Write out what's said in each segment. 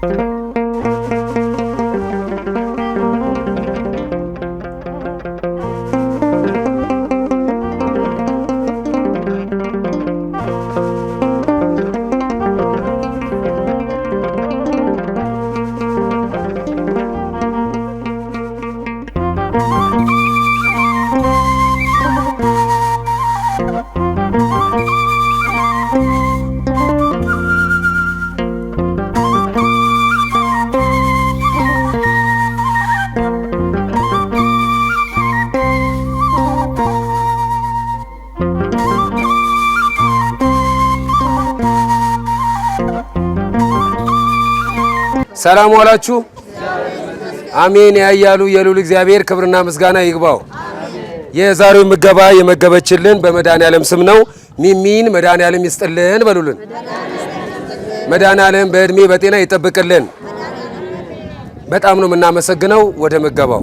thank you ሰላም ዋላችሁ። አሜን ያያሉ የሉል እግዚአብሔር ክብርና ምስጋና ይግባው። የዛሬው ምገባ የመገበችልን በመድኃኔ ዓለም ስም ነው። ሚሚን መድኃኔ ዓለም ይስጥልን በሉልን። መድኃኔ በእድሜ በጤና ይጠብቅልን። በጣም ነው የምናመሰግነው። ወደ ምገባው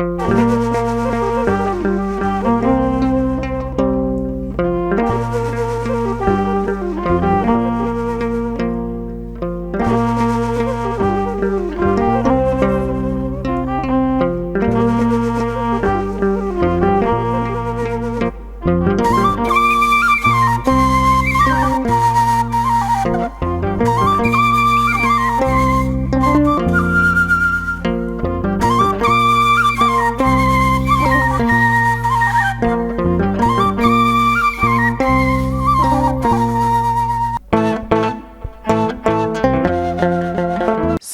Thank you.